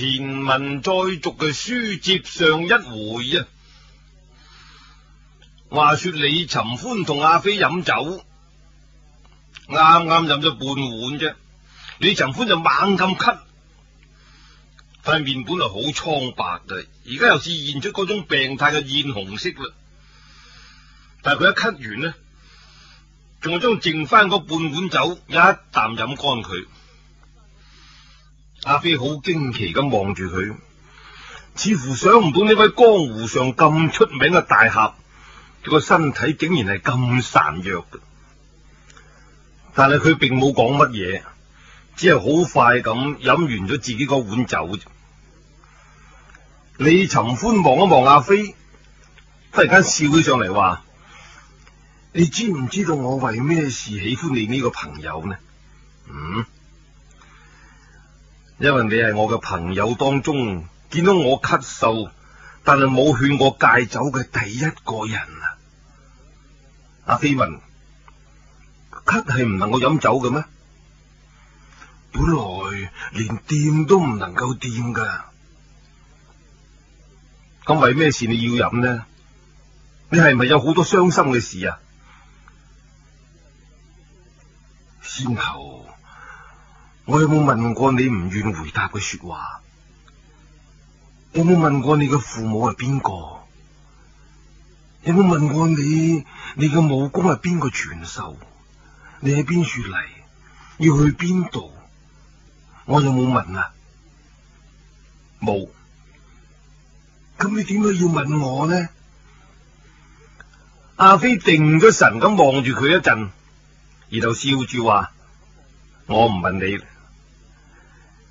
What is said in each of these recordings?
前文再續嘅書接上一回啊，話說李尋歡同阿飛飲酒，啱啱飲咗半碗啫，李尋歡就猛咁咳，塊面本來好蒼白嘅，而家又試現出嗰種病態嘅艷紅色嘞，但係佢一咳完呢，仲係將剩翻嗰半碗酒一啖飲乾佢。阿飛好驚奇咁望住佢，似乎想唔到呢位江湖上咁出名嘅大俠，佢個身體竟然係咁孱弱嘅。但係佢並冇講乜嘢，只係好快咁飲完咗自己個碗酒啫。李尋歡望一望阿飛，突然間笑咗上嚟話：你知唔知道我為咩事喜歡你呢個朋友呢？嗯？因為你係我嘅朋友當中見到我咳嗽，但係冇勸我戒酒嘅第一個人啊！阿飛文，咳係唔能夠飲酒嘅咩？本來連掂都唔能夠掂噶，咁為咩事你要飲呢？你係咪有好多傷心嘅事啊？先後。我有冇問過你唔願回答嘅說話？有冇問過你嘅父母係邊個？有冇問過你？你嘅武功係邊個傳授？你喺邊處嚟？要去邊度？我有冇問啊？冇。咁你點解要問我呢？阿飛定咗神咁望住佢一陣，然後笑住話。我唔問你，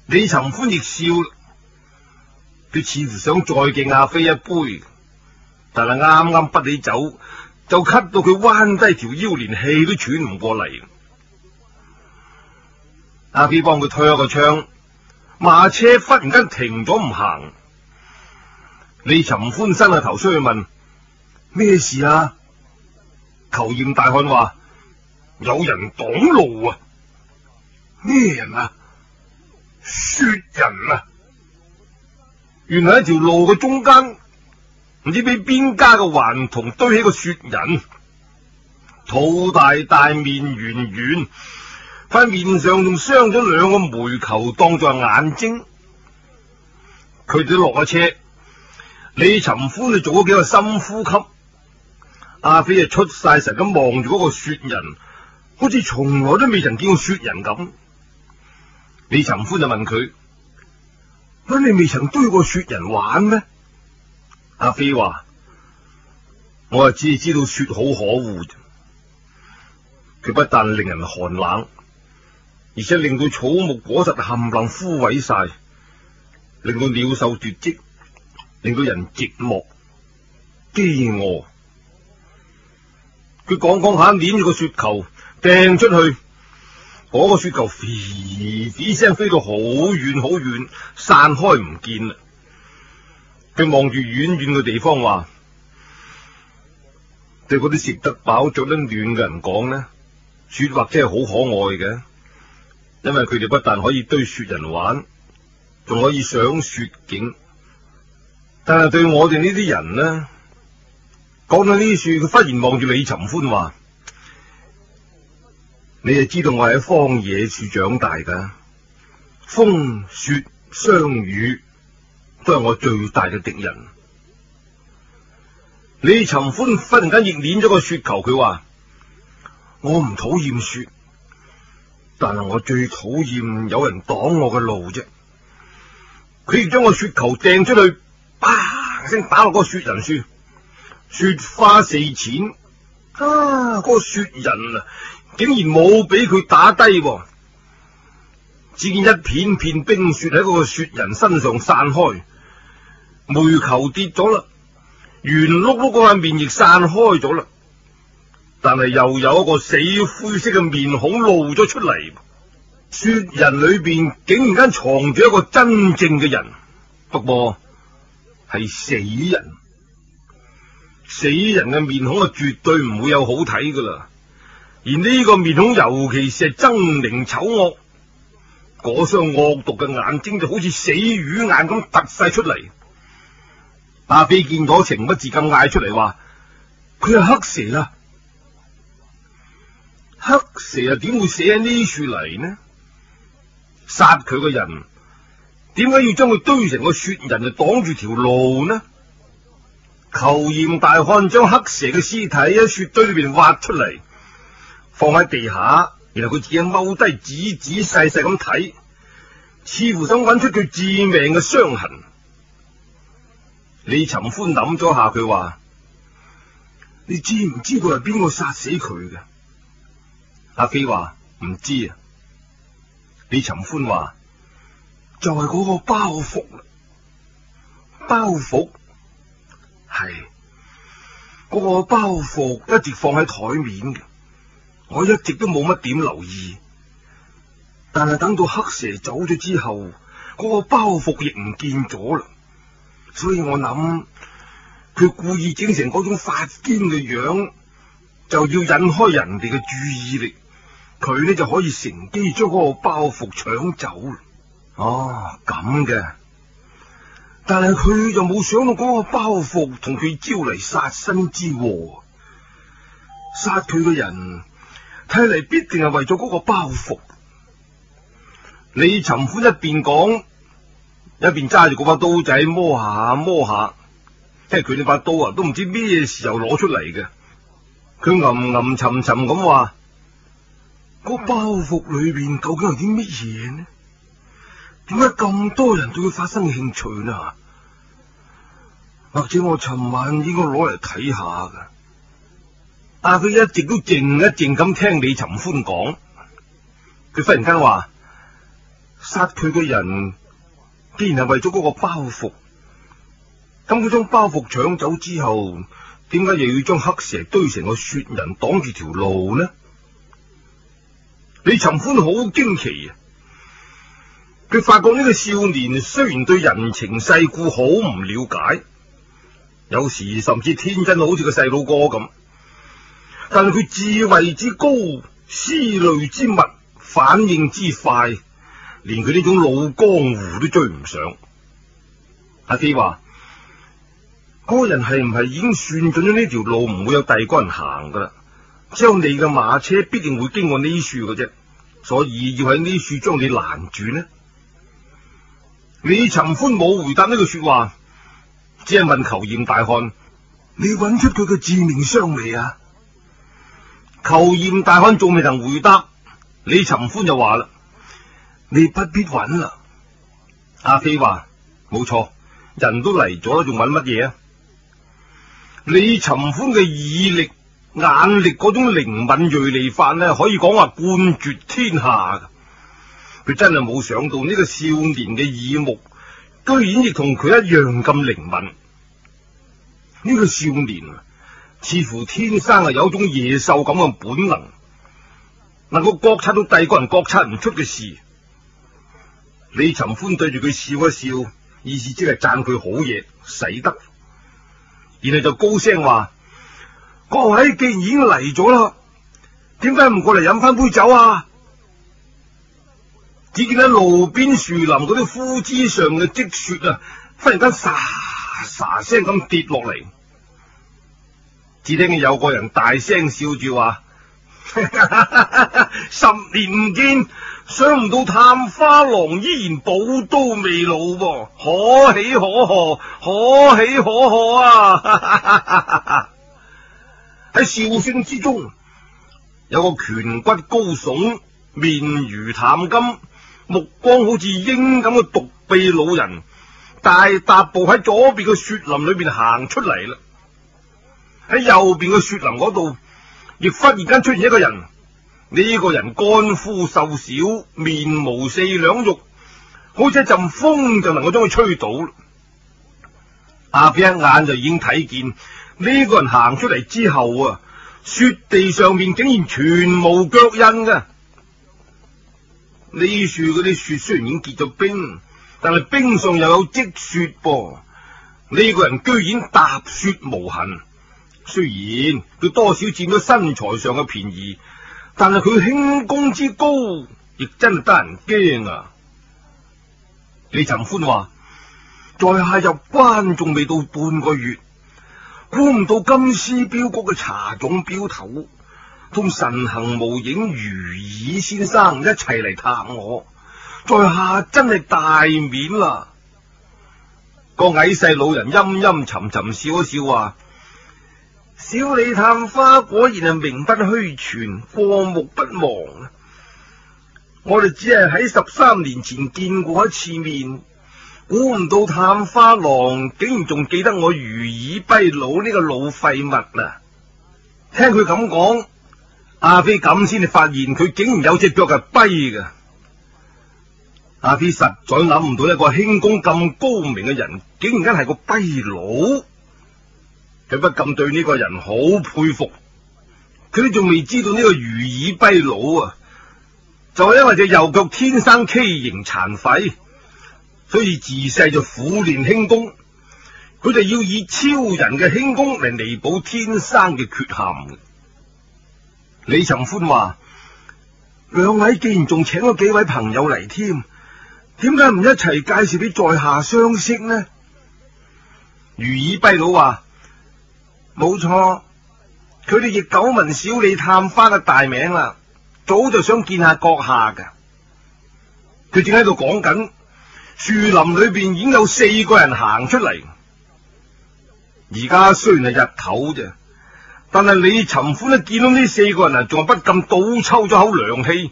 李尋歡亦笑，佢似乎想再敬阿飛一杯，但係啱啱不起走，就咳到佢彎低條腰，連氣都喘唔過嚟。阿飛幫佢推咗個窗，馬車忽然間停咗唔行。李尋歡伸個頭出去問咩事啊？求嚴大漢話有人擋路啊！咩人啊？雪人啊！原來喺條路嘅中間，唔知俾邊家嘅頑童堆起個雪人，肚大大面圓圓，塊面上仲傷咗兩個煤球當作眼睛。佢哋都落咗車，李尋歡就做咗幾個深呼吸，阿飛啊出晒神咁望住嗰個雪人，好似從來都未曾見過雪人咁。李尋歡就問佢：咁你未曾堆過雪人玩咩？阿飛話我啊只係知道雪好可惡，佢不但令人寒冷，而且令到草木果實冚唪唥枯萎晒，令到鳥獸絕跡，令到人寂寞、飢餓。佢講講下，捏住個雪球掟出去。嗰個雪球，吱聲飛到好遠好遠，散開唔見啦。佢望住遠遠嘅地方，話：對嗰啲食得飽、着得暖嘅人講呢，雪或者係好可愛嘅，因為佢哋不但可以堆雪人玩，仲可以賞雪景。但係對我哋呢啲人呢，講到呢處，佢忽然望住李尋歡話。你就知道我係喺荒野處長大噶，風雪霜雨都係我最大嘅敵人。李尋歡忽然間亦捻咗個雪球，佢話：我唔討厭雪，但係我最討厭有人擋我嘅路啫。佢亦將個雪球掟出去，砰、啊、聲打落個雪人樹，雪花四濺。啊！個雪人啊，竟然冇俾佢打低喎，啊！只見一片片冰雪喺個雪人身上散開，煤球跌咗啦，圓碌碌嗰塊面亦散開咗啦，但係又有一個死灰色嘅面孔露咗出嚟。雪人裏邊竟然間藏住一個真正嘅人，不過係死人。死人嘅面孔啊，絕對唔會有好睇噶啦。而呢個面孔尤其是係猙獰醜惡，雙惡毒嘅眼睛就好似死魚眼咁凸晒出嚟。阿飛見到，情不自禁嗌出嚟話：佢係黑蛇啦！黑蛇又點會死喺呢處嚟呢？殺佢個人，點解要將佢堆成個雪人啊擋住條路呢？裘髯大漢將黑蛇嘅屍體喺雪堆裏邊挖出嚟，放喺地下。然後佢自己踎低，仔仔細細咁睇，似乎想揾出佢致命嘅傷痕。李尋歡諗咗下，佢話：你知唔知道係邊個殺死佢嘅？阿飛話唔知啊。李尋歡話：就係嗰個包袱。包袱。係嗰個包袱一直放喺台面嘅，我一直都冇乜點留意。但係等到黑蛇走咗之後，嗰個包袱亦唔見咗啦。所以我諗，佢故意整成嗰種發癲嘅樣，就要引開人哋嘅注意力，佢呢就可以乘機將嗰個包袱搶走啦。哦，咁嘅。但係佢就冇想到嗰個包袱同佢招嚟殺身之禍，殺佢嘅人睇嚟必定係為咗嗰個包袱。李尋歡一邊講，一邊揸住嗰把刀仔摸下摸下，即係佢呢把刀啊，都唔知咩時候攞出嚟嘅。佢吟吟沉沉咁話：嗰包袱裏邊究竟有啲乜嘢呢？點解咁多人對佢發生興趣呢？或者我尋晚應該攞嚟睇下噶，但佢一直都靜一靜咁聽李尋歡講，佢忽然間話，殺佢嘅人既然係為咗嗰個包袱，咁佢將包袱搶走之後，點解又要將黑蛇堆成個雪人擋住條路呢？李尋歡好驚奇啊！佢發覺呢個少年雖然對人情世故好唔了解，有時甚至天真到好似個細路哥咁，但係佢智慧之高、思慮之密、反應之快，連佢呢種老江湖都追唔上。阿飛話：嗰、那個人係唔係已經算準咗呢條路唔會有第二個人行噶啦？只有你嘅馬車必定會經過呢處嘅啫，所以要喺呢處將你攔住呢？李尋歡冇回答呢句說話，只係問虯髯大漢：你揾出佢嘅致命傷未啊？虯髯大漢仲未曾回答，李尋歡就話啦：你不必揾啦、啊。阿飛話：冇錯，人都嚟咗，仲揾乜嘢啊？李尋歡嘅耳力、眼力嗰種靈敏銳利範咧，可以講話冠絕天下。佢真係冇想到呢個少年嘅耳目，居然亦同佢一樣咁靈敏。呢個少年似乎天生係有種野獸咁嘅本能，能夠覺察到帝國人覺察唔出嘅事。李尋歡對住佢笑一笑，意思即係讚佢好嘢，使得。然後就高聲話：「各位既然已經嚟咗啦，點解唔過嚟飲翻杯酒啊？只見喺路邊樹林嗰啲枯枝上嘅積雪啊，忽然間沙沙聲咁跌落嚟。只聽見有個人大聲笑住話： 十年唔見，想唔到探花郎依然寶刀未老，可喜可賀，可喜可賀啊！喺笑聲之中，有個顴骨高聳，面如淡金。目光好似鷹咁嘅獨臂老人，大踏步喺左邊嘅雪林裏邊行出嚟啦。喺右邊嘅雪林嗰度，亦忽然間出現一個人。呢個人乾枯瘦小，面無四兩肉，好似一陣風就能夠將佢吹倒。阿飛一眼就已經睇見呢個人行出嚟之後啊，雪地上面竟然全無腳印嘅啊。呢樹嗰啲雪雖然已經結咗冰，但係冰上又有積雪噃。呢個人居然踏雪無痕，雖然佢多少佔咗身材上嘅便宜，但係佢輕功之高，亦真係得人驚啊！李尋歡話：在下入關仲未到半個月，估唔到金絲鏢局嘅查總鏢頭。通神行無影、如耳先生一齊嚟探我，在下真係大面啦！個矮細老人陰陰沉沉笑一笑話：小李探花果然係名不虛傳，過目不忘。我哋只係喺十三年前見過一次面，估唔到探花郎竟然仲記得我如耳跛佬呢個老廢物啦！聽佢咁講。阿飛咁先至發現佢竟然有隻腳係跛嘅。阿飛實在諗唔到一個輕功咁高明嘅人，竟然間係個跛佬。佢不禁對呢個人好佩服。佢都仲未知道呢個如耳跛佬啊，就係因為隻右腳天生畸形殘廢，所以自細就苦練輕功。佢就要以超人嘅輕功嚟彌補天生嘅缺陷。李尋歡話：兩位既然仲請咗幾位朋友嚟添，點解唔一齊介紹俾在下相識呢？如意跛佬話：冇錯，佢哋亦久聞小李探花嘅大名啦，早就想見下閣下噶。佢正喺度講緊，樹林裏邊已經有四個人行出嚟，而家雖然係日頭啫。但係李尋歡一見到呢四個人啊，仲係不禁倒抽咗口涼氣。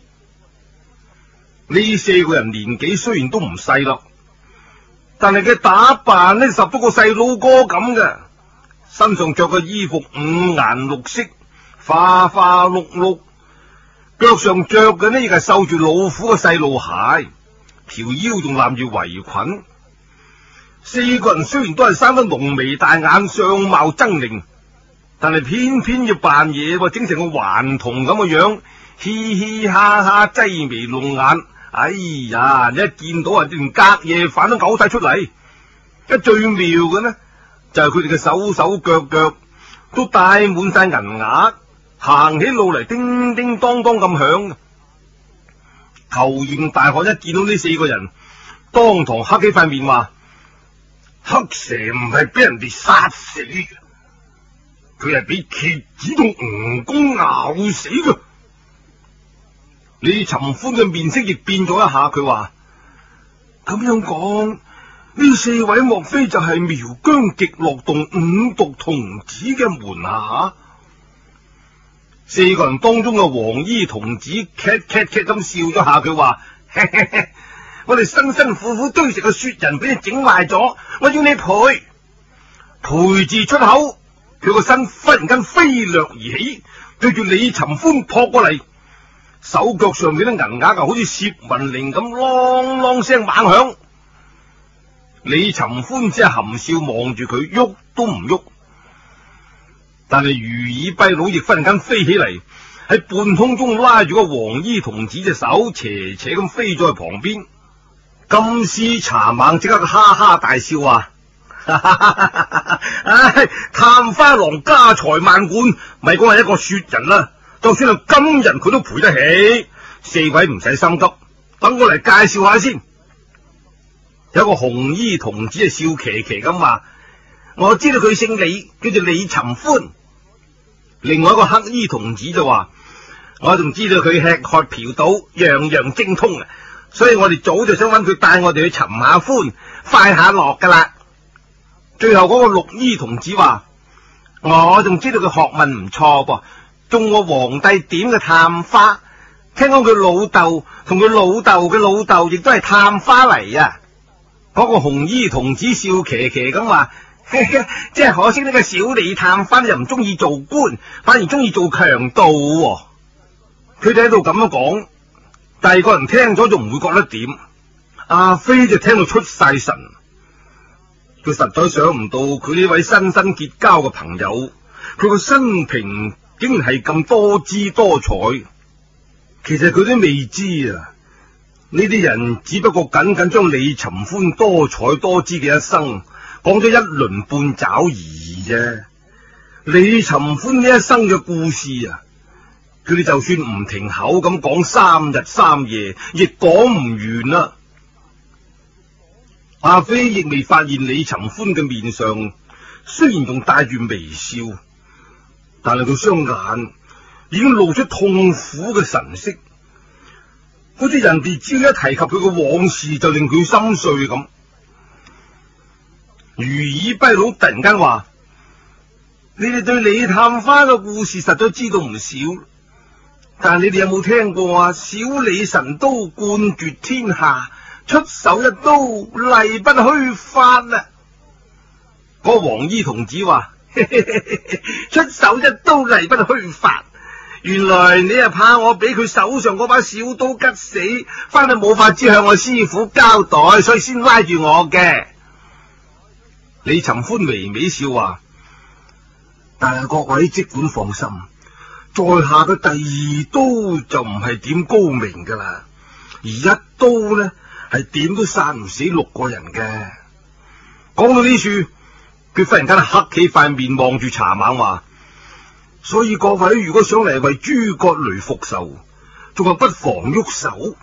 呢四個人年紀雖然都唔細啦，但係佢打扮呢，十足個細佬哥咁嘅。身上着嘅衣服五顏六色，花花碌碌，腳上着嘅呢，亦係繡住老虎嘅細路鞋，條腰仲攬住圍裙。四個人雖然都係生得濃眉大眼，相貌猙獰。但係偏偏要扮嘢，整成個頑童咁嘅樣，嘻嘻哈哈，擠眉弄眼。哎呀，你一見到啊，連隔夜飯都搞晒出嚟。而最妙嘅呢，就係佢哋嘅手手腳腳都戴滿晒銀額，行起路嚟叮叮當當咁響。仇賢大漢一見到呢四個人，當堂黑起塊面話：黑蛇唔係俾人哋殺死。佢係俾蠍子同蜈蚣咬死噶。李尋歡嘅面色亦變咗一下，佢話：咁樣講，呢四位莫非就係苗疆極樂洞五毒童子嘅門下？四個人當中嘅黃衣童子，咳咳咳咁笑咗下，佢話：我哋辛辛苦苦堆成嘅雪人俾你整壞咗，我要你賠。賠字出口。佢個身忽然間飛掠而起，對住李尋歡撲過嚟，手腳上面啲銀額啊，好似攝文鈴咁啷啷聲猛響。李尋歡只係含笑望住佢，喐都唔喐。但係如耳跛佬亦忽然間飛起嚟，喺半空中拉住個黃衣童子隻手，斜斜咁飛去旁邊。金絲茶蜢即刻哈哈大笑啊！哈哈哈！唉、 哎，探花郎家財萬貫，咪講係一個雪人啦。就算係金人，佢都賠得起。四位唔使心急，等我嚟介紹下先。有一個紅衣童子就笑琪琪咁話：，我知道佢姓李，叫做李尋歡。另外一個黑衣童子就話：，我仲知道佢吃喝嫖賭樣樣精通啊，所以我哋早就想揾佢帶我哋去尋下歡，快下樂噶啦。最後嗰個綠衣童子話：，我仲知道佢學問唔錯噃，中過皇帝點嘅探花，聽講佢老豆同佢老豆嘅老豆亦都係探花嚟啊！嗰、那個紅衣童子笑騎騎咁話：， 即係可惜呢個小李探花又唔中意做官，反而中意做強盜，哦。佢哋喺度咁樣講，第二個人聽咗就唔會覺得點，阿、啊、飛就聽到出晒神。佢實在想唔到佢呢位新生結交嘅朋友，佢個生平竟然係咁多姿多彩。其實佢都未知啊，呢啲人只不過僅僅將李尋歡多彩多姿嘅一生講咗一鱗半爪而已啫。李尋歡呢一生嘅故事啊，佢哋就算唔停口咁講三日三夜，亦講唔完啦。阿飛亦未發現李尋歡嘅面上，雖然仲帶住微笑，但係佢雙眼已經露出痛苦嘅神色，好似人哋只要一提及佢嘅往事，就令佢心碎咁。如以跛佬突然間話：你哋對李探花嘅故事實在知道唔少，但你哋有冇聽過啊？小李神刀冠絕天下。出手一刀，例不虛發啊！嗰黃衣童子話：出手一刀，例不虛發。原來你係怕我俾佢手上嗰把小刀吉死，翻去冇法子向我師傅交代，所以先拉住我嘅。李尋歡微微笑話：但係各位即管放心，在下嘅第二刀就唔係點高明噶啦，而一刀呢？係點都殺唔死六個人嘅。講到呢處，佢忽然間黑起塊面，望住茶猛話：所以各位如果想嚟為諸葛雷復仇，仲係不妨喐手。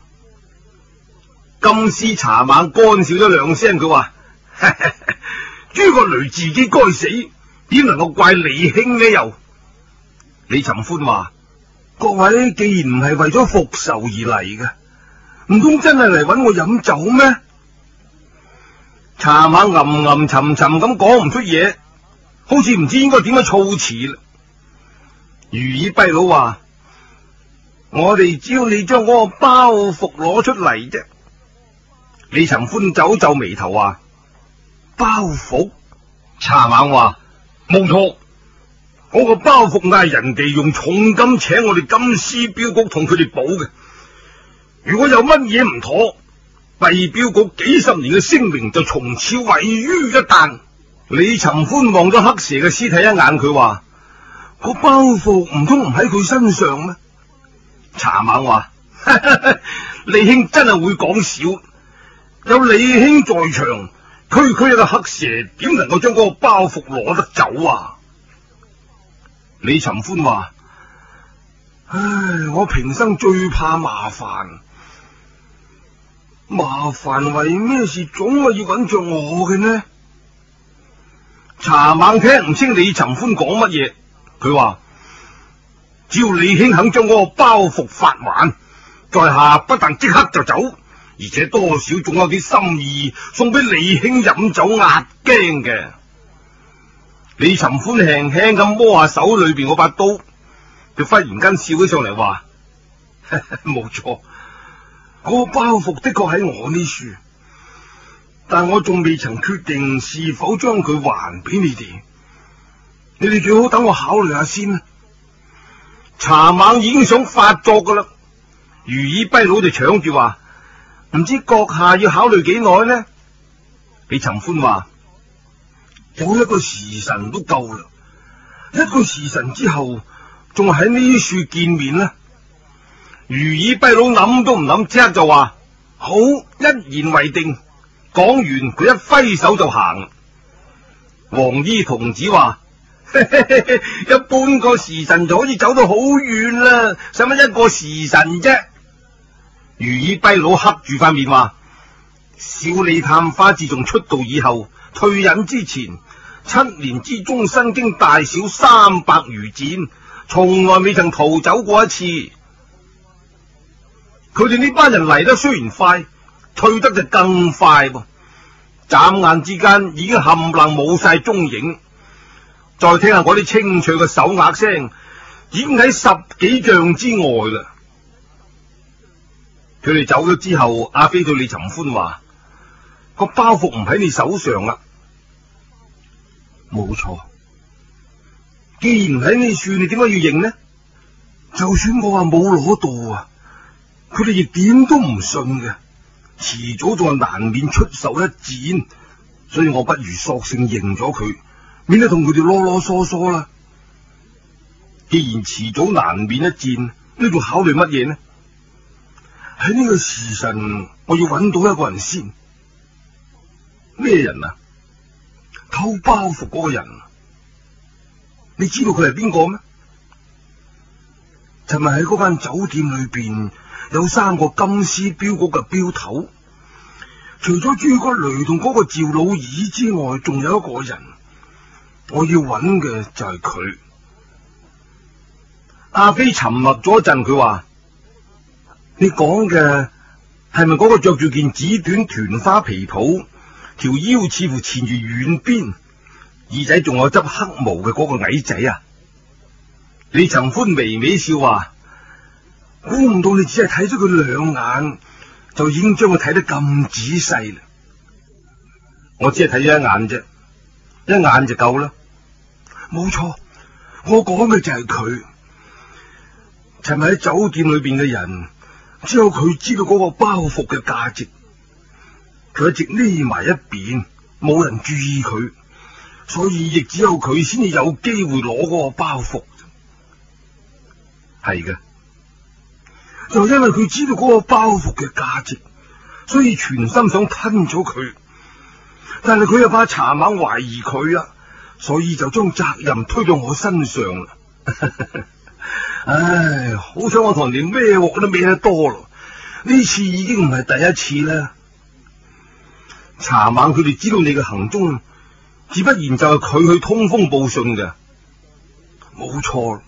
金絲茶猛乾笑咗兩聲，佢話：諸 葛雷自己該死，點能夠怪李兄呢？又李尋歡話：各位既然唔係為咗復仇而嚟嘅。唔通真係嚟揾我飲酒咩？茶馬吟吟沉沉咁講唔出嘢，好似唔知應該點樣措詞啦。如意弼佬話：我哋只要你將嗰個包袱攞出嚟啫。李尋歡皺皺眉頭話：包袱。茶馬話：冇錯，嗰個包袱係人哋用重金請我哋金絲鏢局同佢哋保嘅。如果有乜嘢唔妥，遞表局幾十年嘅聲名就從此毀於一旦。李尋歡望咗黑蛇嘅屍體一眼，佢話：個包袱唔通唔喺佢身上咩？查猛話： 李兄真係會講笑，有李兄在場，區區一個黑蛇點能夠將嗰個包袱攞得走啊？李尋歡話：唉，我平生最怕麻煩。麻煩為咩事總係要揾着我嘅呢？查猛聽唔清李尋歡講乜嘢，佢話，只要李兄肯將嗰個包袱發還，在下不但即刻就走，而且多少仲有啲心意送俾李兄飲酒壓驚嘅。李尋歡輕輕咁摸下手裏邊嗰把刀，佢忽然間笑起上嚟話：冇 錯。個包袱的確喺我呢處，但我仲未曾決定是否將佢還俾你哋。你哋最好等我考慮下先。查猛已經想發作噶啦，如意跛佬就搶住話，唔知閣下要考慮幾耐呢？李尋歡話，有一個時辰都夠啦，一個時辰之後仲喺呢處見面啦。如意跛佬諗都唔諗，即刻就話好，一言為定。講完佢一揮手就行。黃衣童子話：，一半個時辰就可以走到好遠啦，使乜一個時辰啫？如意跛佬黑住塊面話：，小李探花自從出道以後，退隱之前七年之中，身經大小三百餘戰，從來未曾逃走過一次。佢哋呢班人嚟得雖然快，退得就更快喎。眨眼之間已經冚唪唥冇晒蹤影。再聽下嗰啲清脆嘅手額聲，已經喺十幾丈之外啦。佢哋走咗之後，阿飛對李尋歡話：個包袱唔喺你手上啦。冇錯錯，既然喺呢處，你點解要認呢？就算我話冇攞到啊！佢哋亦點都唔信嘅，遲早仲係難免出手一戰，所以我不如索性認咗佢，免得同佢哋囉囉嗦嗦啦。既然遲早難免一戰，呢度考慮乜嘢呢喺呢個時辰，我要揾到一個人先。咩人啊？偷包袱嗰個人。你知道佢係邊個咩？尋日喺嗰間酒店裏邊。有三個金絲鏢局嘅鏢頭，除咗諸葛雷同個趙老二之外，仲有一個人，我要揾嘅就係佢。阿飛沉默咗一陣，佢話：你講嘅係咪個着住件紫短團花皮袍，條腰似乎纏住軟鞭，耳仔仲有執黑毛嘅個矮仔啊？李尋歡微微笑話。估唔到你只係睇咗佢兩眼，就已經將佢睇得咁仔細啦。我只係睇咗一眼啫，一眼就夠啦。冇錯，我講嘅就係佢。尋日喺酒店裏邊嘅人，只有佢知道嗰個包袱嘅價值。佢一直匿埋一邊，冇人注意佢，所以亦只有佢先至有機會攞嗰個包袱。係嘅。就因為佢知道個包袱嘅價值，所以全心想吞咗佢。但係佢又怕查晚懷疑佢啊，所以就將責任推到我身上啦。 唉，好彩我唐年咩鑊都咩得多咯。呢次已經唔係第一次啦。查晚佢哋知道你嘅行蹤，自不然就係佢去通風報信嘅，冇錯。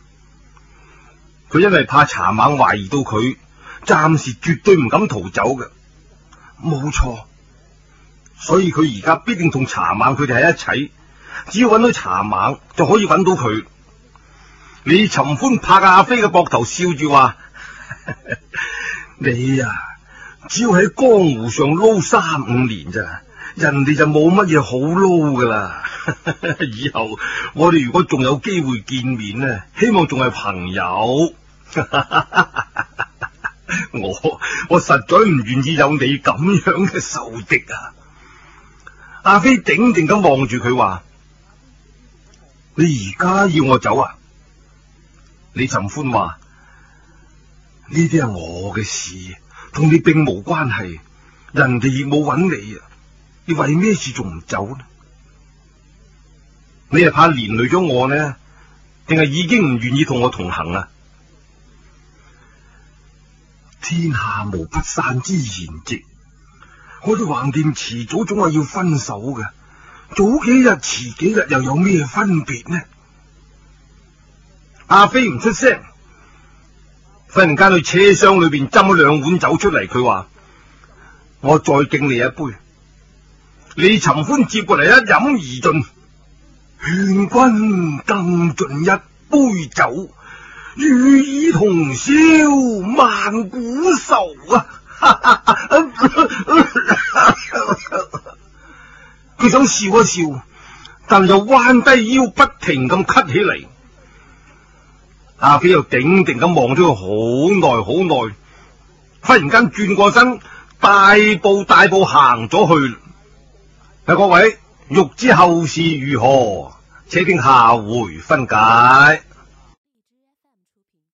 佢因為怕查猛懷疑到佢，暫時絕對唔敢逃走嘅，冇錯。所以佢而家必定同查猛佢哋喺一齊，只要搵到查猛就可以搵到佢。李尋歡拍阿飛嘅膊頭，笑住話：你啊，只要喺江湖上撈三五年咋。人哋就冇乜嘢好撈㗎啦， 以後我哋如果仲有機會見面呢，希望仲係朋友。 我我實在唔願意有你咁樣嘅仇敵啊！阿飛定定咁望住佢話：你而家要我走啊？李尋歡話：呢啲係我嘅事，同你並冇關係，人哋亦冇揾你啊！你為咩事仲唔走呢？你係怕連累咗我呢？定係已經唔願意同我同行啊？天下無不散之筵席，我哋橫掂遲早總係要分手嘅，早幾日遲幾日又有咩分別呢？阿飛唔出聲，忽然間去車廂裏邊斟咗兩碗酒出嚟，佢話：我再敬你一杯。李尋歡接過嚟一飲而盡，勸君更盡一杯酒，與爾同銷萬古愁啊！佢 想笑一笑，但又彎低腰，不停咁咳起嚟。阿飛又定定咁望咗佢好耐好耐，忽然間轉過身，大步大步行咗去。各位欲知後事如何，且聽下回分解。